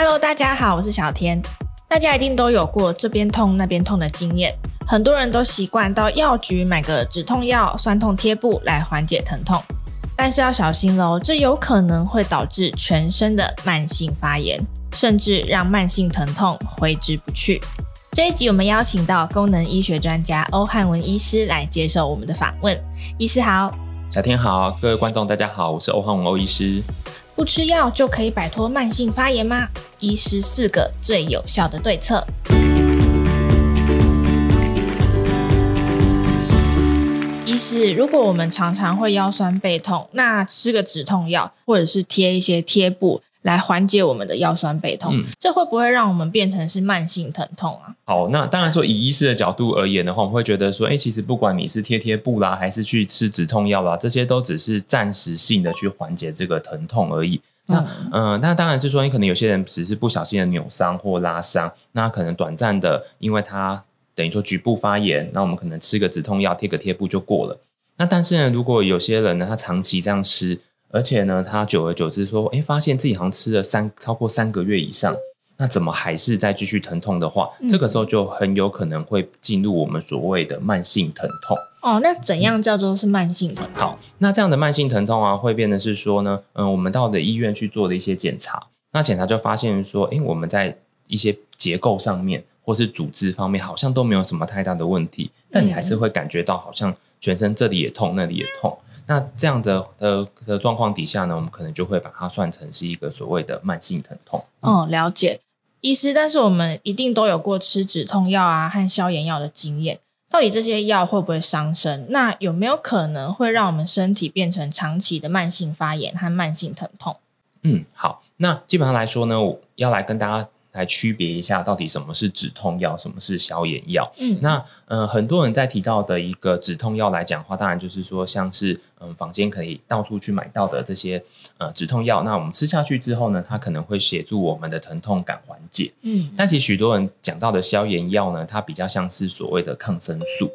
Hello，大家好，我是小天。大家一定都有過這邊痛那邊痛的經驗，很多人都習慣到藥局買個止痛藥、酸痛貼布來緩解疼痛，但是要小心嘍，這有可能會導致全身的慢性發炎，甚至讓慢性疼痛揮之不去。這一集我們邀請到功能醫學專家歐瀚文醫師來接受我們的訪問。醫師好，小天好，各位觀眾大家好，我是歐瀚文歐醫師。不吃藥就可以擺脫慢性發炎嗎？醫師四個最有效的對策。醫師， 如果我們常常會腰酸背痛，那吃個止痛藥或者是貼一些貼布。來緩解我們的腰酸背痛，嗯、這會不會讓我們變成是慢性疼痛啊？好，那當然說以醫師的角度而言的話，我們會覺得說，哎，其實不管你是貼貼布啦，還是去吃止痛藥啦，這些都只是暫時性的去緩解這個疼痛而已。嗯、那，嗯、呃，那當然是說，你可能有些人只是不小心的扭傷或拉傷，那可能短暫的，因為他等於說局部發炎，那我們可能吃個止痛藥，貼個貼布就過了。那但是呢，如果有些人呢，他長期這樣吃。而且呢，他久而久之說，哎、欸，發現自己好像吃了三超過三個月以上，那怎麼還是再繼續疼痛的話，嗯、這個時候就很有可能會進入我們所謂的慢性疼痛。哦，那怎樣叫做是慢性疼痛？嗯、那這樣的慢性疼痛啊，會變得是說呢，嗯、呃，我們到的醫院去做的一些檢查，那檢查就發現說，哎、欸，我們在一些結構上面或是組織方面好像都沒有什麼太大的問題，但你還是會感覺到好像全身這裡也痛、嗯、那裡也痛。那這樣子的的的狀況底下呢，我們可能就會把它算成是一個所謂的慢性疼痛。嗯。哦，了解，醫師。但是我們一定都有過吃止痛藥啊和消炎藥的經驗。到底這些藥會不會傷身？那有沒有可能會讓我們身體變成長期的慢性發炎和慢性疼痛？嗯，好。那基本上來說呢，我要來跟大家。來區別一下，到底什麼是止痛藥，什麼是消炎藥？嗯，那、呃、很多人在提到的一個止痛藥來講的話，當然就是說，像是嗯、呃，坊間可以到處去買到的這些、呃、止痛藥。那我們吃下去之後呢，它可能會協助我們的疼痛感緩解。嗯，但其實許多人講到的消炎藥呢，它比較像是所謂的抗生素。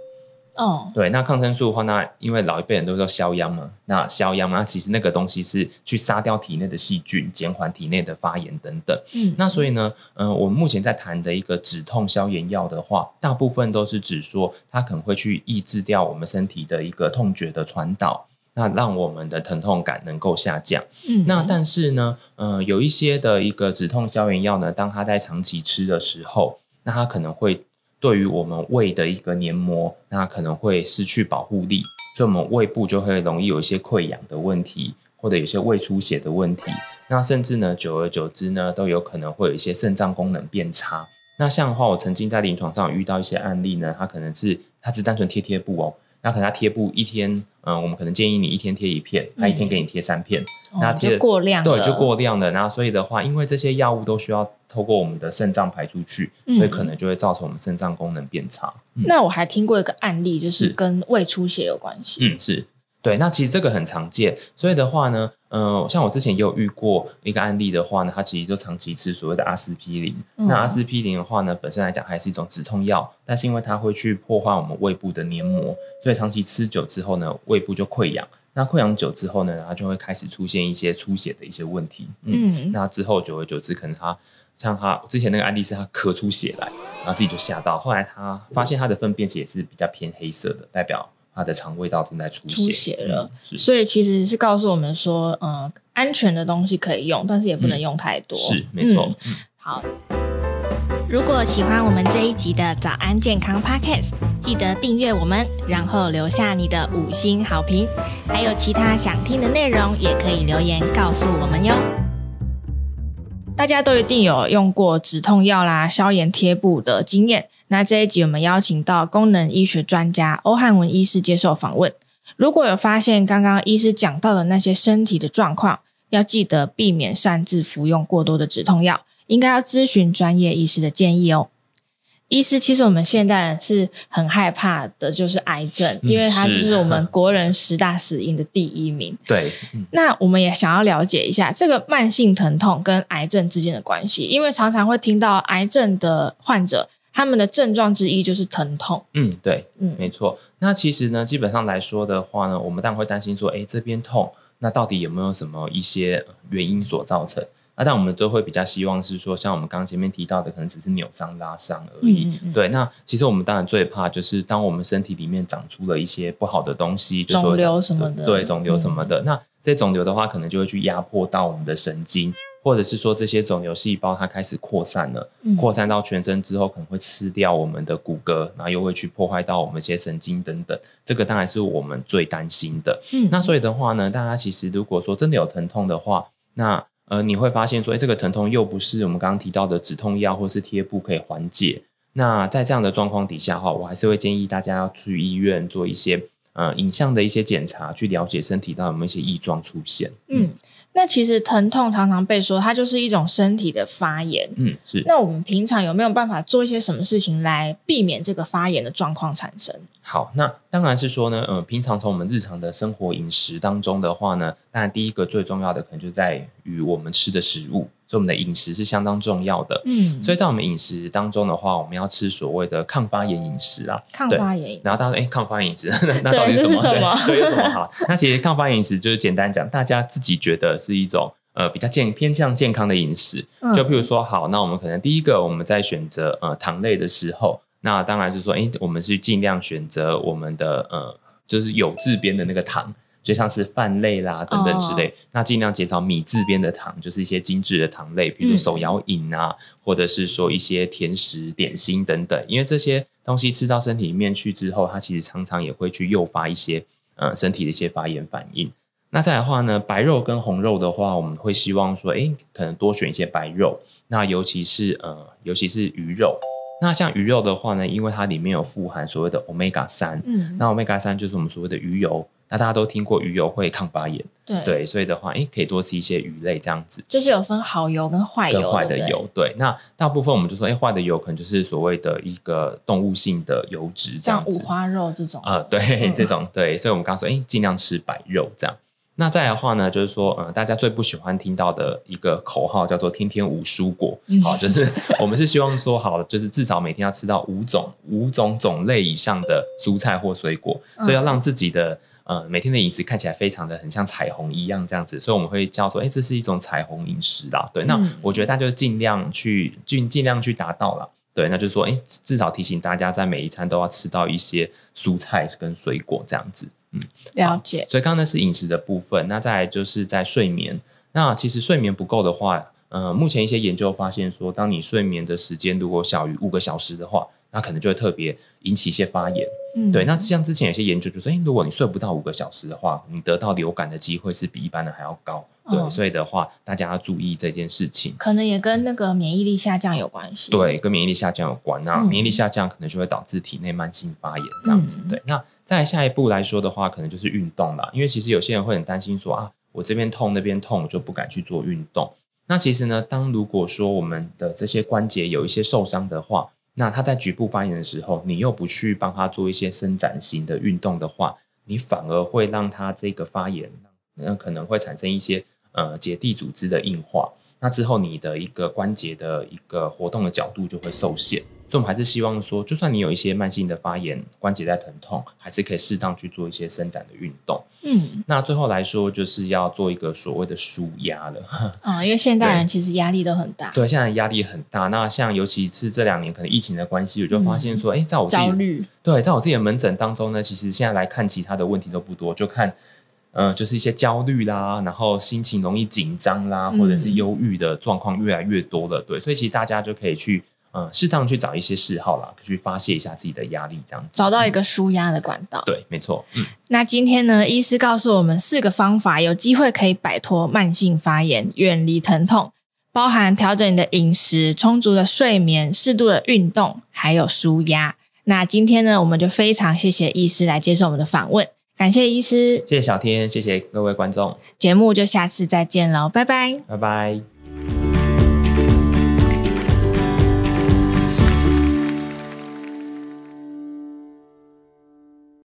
哦，oh. 對，那抗生素的話，那因為老一輩人都說消炎嘛，那消炎嘛，那其實那個東西是去殺掉體內的細菌，減緩體內的發炎等等。嗯、mm，hmm. 那所以呢，嗯、呃，我們目前在談的一個止痛消炎藥的話，大部分都是指說它可能會去抑制掉我們身體的一個痛覺的傳導，那讓我們的疼痛感能夠下降。嗯、mm，hmm. 那但是呢，嗯、呃，有一些的一個止痛消炎藥呢，當它在長期吃的時候，那它可能會。對於我們胃的一個黏膜，那可能會失去保護力，所以我們胃部就會容易有一些潰瘍的問題，或者有些胃出血的問題。那甚至呢，久而久之呢，都有可能會有一些腎臟功能變差。那像的話，我曾經在臨床上遇到一些案例呢，他可能是他只單純貼貼布哦，那可能他貼布一天。嗯，我們可能建議你一天貼一片，他一天給你貼三片，嗯、那貼過量了，對，就過量了。然後所以的話，因為這些藥物都需要透過我們的腎臟排出去，嗯、所以可能就會造成我們腎臟功能變差。嗯、那我還聽過一個案例，就是跟胃出血有關係，嗯，是。對，那其實這個很常見，所以的話呢，嗯、呃，像我之前也有遇過一個案例的話呢，他其實就長期吃所謂的阿司匹林。那阿司匹林的話呢，本身來講還是一種止痛藥，但是因為它會去破壞我們胃部的黏膜，所以長期吃久之後呢，胃部就潰瘍。那潰瘍久之後呢，然後就會開始出現一些出血的一些問題。嗯，嗯那之後久而久之，可能他像他之前那個案例是他咳出血來，然後自己就嚇到，後來他發現他的糞便其實也是比較偏黑色的，代表。他的腸胃道正在出血，出血了，嗯、所以其實是告訴我們說，嗯、呃，安全的東西可以用，但是也不能用太多。嗯、是，沒錯。嗯嗯、好，如果喜歡我們這一集的早安健康 Podcast，記得訂閱我們，然後留下你的五星好評。還有其他想聽的內容，也可以留言告訴我們喲。大家都一定有用過止痛藥啦、消炎貼布的經驗。那這一集我們邀請到功能醫學專家歐瀚文醫師接受訪問。如果有發現剛剛醫師講到的那些身體的狀況，要記得避免擅自服用過多的止痛藥，應該要諮詢專業醫師的建議哦。醫師，其實我們現代人是很害怕的，就是癌症，因為它是我們國人十大死因的第一名。對、嗯，呵呵，那我們也想要了解一下這個慢性疼痛跟癌症之間的關係，因為常常會聽到癌症的患者他們的症狀之一就是疼痛。嗯，對，嗯，沒錯。那其實呢，基本上來說的話呢，我們當然會擔心說，哎、欸，這邊痛，那到底有沒有什麼一些原因所造成？啊，但我們都會比較希望是說，像我們剛剛前面提到的，可能只是扭傷、拉傷而已。嗯嗯對，那其實我們當然最怕就是，當我們身體裡面長出了一些不好的東西，腫瘤什麼的，對，腫瘤什麼的。嗯嗯，那這些腫瘤的話，可能就會去壓迫到我們的神經，嗯嗯或者是說這些腫瘤細胞它開始擴散了，嗯、擴散到全身之後，可能會吃掉我們的骨骼，然後又會去破壞到我們一些神經等等。這個當然是我們最擔心的。嗯，嗯，那所以的話呢，大家其實如果說真的有疼痛的話，那呃、你會發現說，哎、欸，這個疼痛又不是我們剛剛提到的止痛藥或是貼布可以緩解。那在這樣的狀況底下的話，我還是會建議大家要去醫院做一些、呃、影像的一些檢查，去了解身體到有沒有一些異狀出現。嗯。那其實疼痛常常被說它就是一種身體的發炎，嗯，是。那我們平常有沒有辦法做一些什麼事情來避免這個發炎的狀況產生？好，那當然是說呢，嗯、呃，平常從我們日常的生活飲食當中的話呢，當然第一個最重要的可能就在於我們吃的食物。所以我們的飲食是相當重要的，嗯，所以在我們飲食當中的話，我們要吃所謂的抗發炎飲食啊，嗯、對抗發炎飲食。然後大家說哎、欸，抗發炎飲食 那，對那到底是什麼？對有什麼好？那其實抗發炎飲食就是簡單講，大家自己覺得是一種呃比較健偏向健康的飲食。就譬如說好，那我們可能第一個我們在選擇呃糖類的時候，那當然是說哎、欸，我們是盡量選擇我們的呃就是有質邊的那個糖。就像是飯類啦等等之類，哦、那儘量減少米字邊的糖，就是一些精致的糖類，比如手搖飲啊，嗯、或者是說一些甜食、點心等等。因為這些東西吃到身體裡面去之後，它其實常常也會去誘發一些呃身體的一些發炎反應。那再來的話呢，白肉跟紅肉的話，我們會希望說，誒、欸、可能多選一些白肉，那尤其是呃尤其是魚肉。那像魚肉的話呢，因為它裡面有富含所謂的 Omega 三，嗯，那 Omega 三就是我們所謂的魚油。那大家都聽過魚油會抗發炎，對，對，所以的話，哎、欸，可以多吃一些魚類這樣子。就是有分好油跟壞油，對對，壞的油，對。那大部分我們就說，哎、欸，壞的油可能就是所謂的一個動物性的油脂，這樣五花肉這種，啊、呃，對，嗯、這種對。所以，我們剛說，哎、欸，盡量吃白肉這樣。那再來的話呢，嗯、就是說，嗯、呃，大家最不喜歡聽到的一個口號叫做“天天五蔬果”，好，就是 我們是希望說，好，就是至少每天要吃到五種五種種類以上的蔬菜或水果，所以要讓自己的。嗯嗯、呃，每天的飲食看起來非常的很像彩虹一樣這樣子，所以我們會叫說：誒、欸，這是一種彩虹飲食啦。對，那我覺得大家就盡量去盡盡、嗯、量去達到啦。對，那就是說，誒、欸，至少提醒大家，在每一餐都要吃到一些蔬菜跟水果這樣子。嗯，了解。所以剛剛那是飲食的部分，那再來就是在睡眠。那其實睡眠不夠的話，嗯、呃，目前一些研究發現說，當你睡眠的時間如果小於五個小時的話。那可能就會特別引起一些發炎，嗯、對。那像之前有些研究就說，誒，如果你睡不到五個小時的話，你得到流感的機會是比一般的還要高，嗯、對。所以的話，大家要注意這件事情。可能也跟那個免疫力下降有關係，對，跟免疫力下降有關。那免疫力下降可能就會導致體內慢性發炎這樣子，嗯、對。那再下一步來說的話，可能就是運動了，因為其實有些人會很擔心說啊，我這邊痛那邊痛，我就不敢去做運動。那其實呢，當如果說我們的這些關節有一些受傷的話，那他在局部發炎的時候，你又不去幫他做一些伸展型的運動的話，你反而會讓他這個發炎，那可能會產生一些呃結締組織的硬化，那之後你的一個關節的一個活動的角度就會受限。所以我們還是希望說，就算你有一些慢性的發炎、關節在疼痛，還是可以適當去做一些伸展的運動。嗯，那最後來說，就是要做一個所謂的舒壓了。啊、哦，因為現代人對其實壓力都很大。對，現在壓力很大。那像尤其是這兩年，可能疫情的關係，我就發現說，哎、嗯欸，在我焦慮慮。對，在我自己的門診當中呢，其實現在來看，其他的問題都不多，就看嗯、呃，就是一些焦慮啦，然後心情容易緊張啦，或者是憂鬱的狀況越來越多了。嗯、對，所以其實大家就可以去。嗯，適當去找一些嗜好啦，去發洩一下自己的壓力，這樣子，找到一個舒壓的管道。嗯。對，沒錯。嗯，那今天呢，醫師告訴我們四個方法，有機會可以擺脫慢性發炎，遠離疼痛，包含調整你的飲食、充足的睡眠、適度的運動，還有舒壓。那今天呢，我們就非常謝謝醫師來接受我們的訪問，感謝醫師，謝謝小天，謝謝各位觀眾，節目就下次再見嘍，拜拜，拜拜。